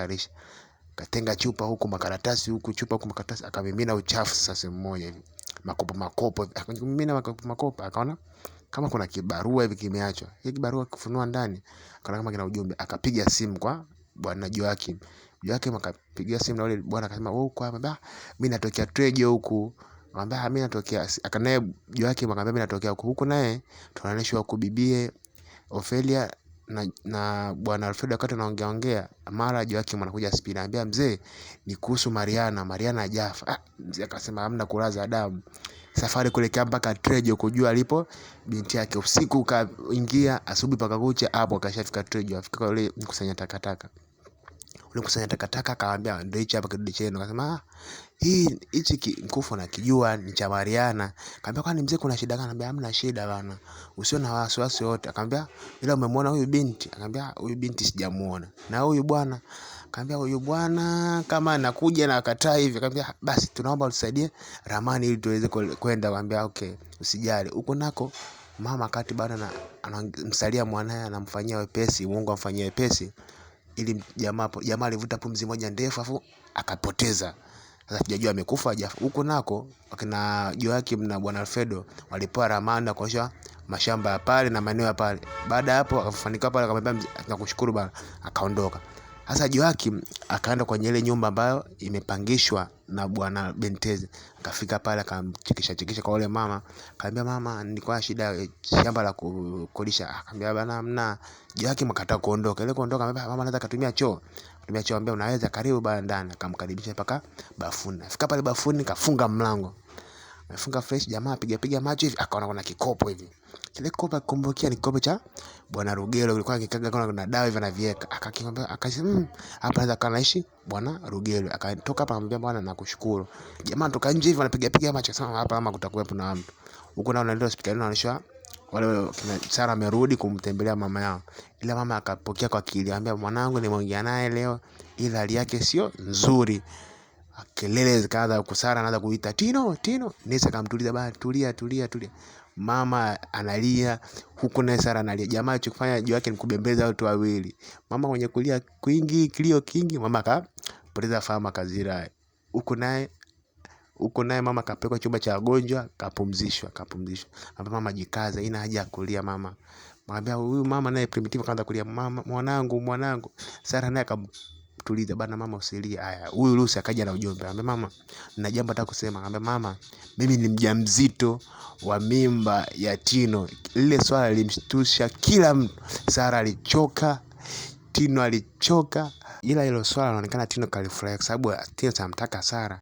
anahatarisha. Katenga chupa huku makaratasi huku chupa huku makaratasi akamimina uchafu sasa sehemu moja hivi. Makopo makopo akamimina makopo makopo akaona kama kuna kibarua hivi kimeachwa. Hiki kibarua kufunua ndani akaona kama kina ujumbe akapiga simu kwa bwana Joakim. Joakim akapigia simu na yule bwana akasema wewe uko hapa ba mimi natokea Trejo huku. Akamwambia mimi natokea akanaye Joakim akamwambia mimi natokea huku huku naye tunaanishwa kubibie Ofelia na bwana Alfredo wakati anaongea ongea, mara Joakim anakuja spidi, anambia mzee, ni kuhusu Mariana, Mariana jafa Ah, mzee akasema amna kulaza adabu. Safari kuelekea mpaka Trejo kujua alipo binti yake. Usiku kaingia, asubuhi kucha hapo akashafika Trejo, afika yule mkusanya takataka ulikusanya takataka akawaambia, ndio hichi hapa kidude chenu. Akasema ah, hii hichi mkufu nakijua ni cha Mariana. Akamwambia, kwani mzee, kuna shida gani? Akamwambia, hamna shida bana, usio na wasiwasi wote. Akamwambia, ila umemwona huyu binti? Akamwambia, huyu binti sijamuona. Na huyu bwana? Akamwambia, huyu bwana kama anakuja na akataa hivi. Akamwambia, basi tunaomba utusaidie ramani ili tuweze kwenda. Akamwambia, okay, usijali huko nako mama kati bado anamsalia mwanaye, anamfanyia wepesi, Mungu amfanyie wepesi ili jamaa jamaa alivuta pumzi moja ndefu afu akapoteza. Sasa tujajua amekufa hajafa. Huko nako akina Joakim na Bwana Alfredo walipewa ramanda na kuonyesha mashamba ya pale na maeneo ya pale. Baada ya hapo akafanikiwa pale, akamwambia tunakushukuru bwana, akaondoka. Hasa Joakim akaenda kwenye ile nyumba ambayo imepangishwa na bwana Bentezi. Akafika pale akamchikisha chikisha kwa ule mama, akamwambia mama, nilikuwa na shida eh, shamba la kukodisha. Akamwambia bana, mna Joakim akataka kuondoka. Ile kuondoka, akamwambia mama, naweza kutumia choo. choo, akamwambia unaweza, karibu bana ndani. Akamkaribisha mpaka bafuni. Afika pale bafuni kafunga mlango. Amefunga fresh jamaa apiga piga macho hivi akaona kuna kikopo hivi. Kile kikopo akikumbukia ni kikopo cha Bwana Rugero kilikuwa kikaga kuna na dawa hivi anaviweka. Akakimbia akasema mmm, hapa anaweza kana naishi Bwana Rugero. Akatoka hapa akamwambia bwana nakushukuru. Jamaa toka nje hivi anapiga piga macho akasema hapa kama kutakuwepo na mtu. Huko nao ndio hospitalini wanaonyesha wale kina Sara amerudi kumtembelea mama yao. Ila mama akapokea kwa akili, anambia mwanangu, nimeongea naye leo, ila hali yake sio nzuri kelele zikaanza kusara, anaanza kuita Tino, Tino. Nesa akamtuliza, bana, tulia tulia tulia. Mama analia huko, Sara analia. Jamaa alichofanya juu yake ni kubembeza watu wawili, mama mwenye kulia kwingi, kilio kingi, mama akapoteza fahamu, akazira huko naye huko naye mama kapelekwa chumba cha wagonjwa, kapumzishwa kapumzishwa. Hapa mama jikaza, ina haja ya kulia mama. Mwambia huyu mama naye primitive kaanza kulia, mama mwanangu, mwanangu. Sara naye akam tulize bana, mama usilie. Haya, huyu Lucy akaja na ujumbe, anambia mama, nina jambo nataka kusema. Anambia mama, mimi ni mjamzito wa mimba ya Tino. Lile swala lilimshtusha kila mtu. Sara alichoka, Tino alichoka, ila ilo swala inaonekana Tino kalifurahia, kwa sababu Tino anamtaka Sara.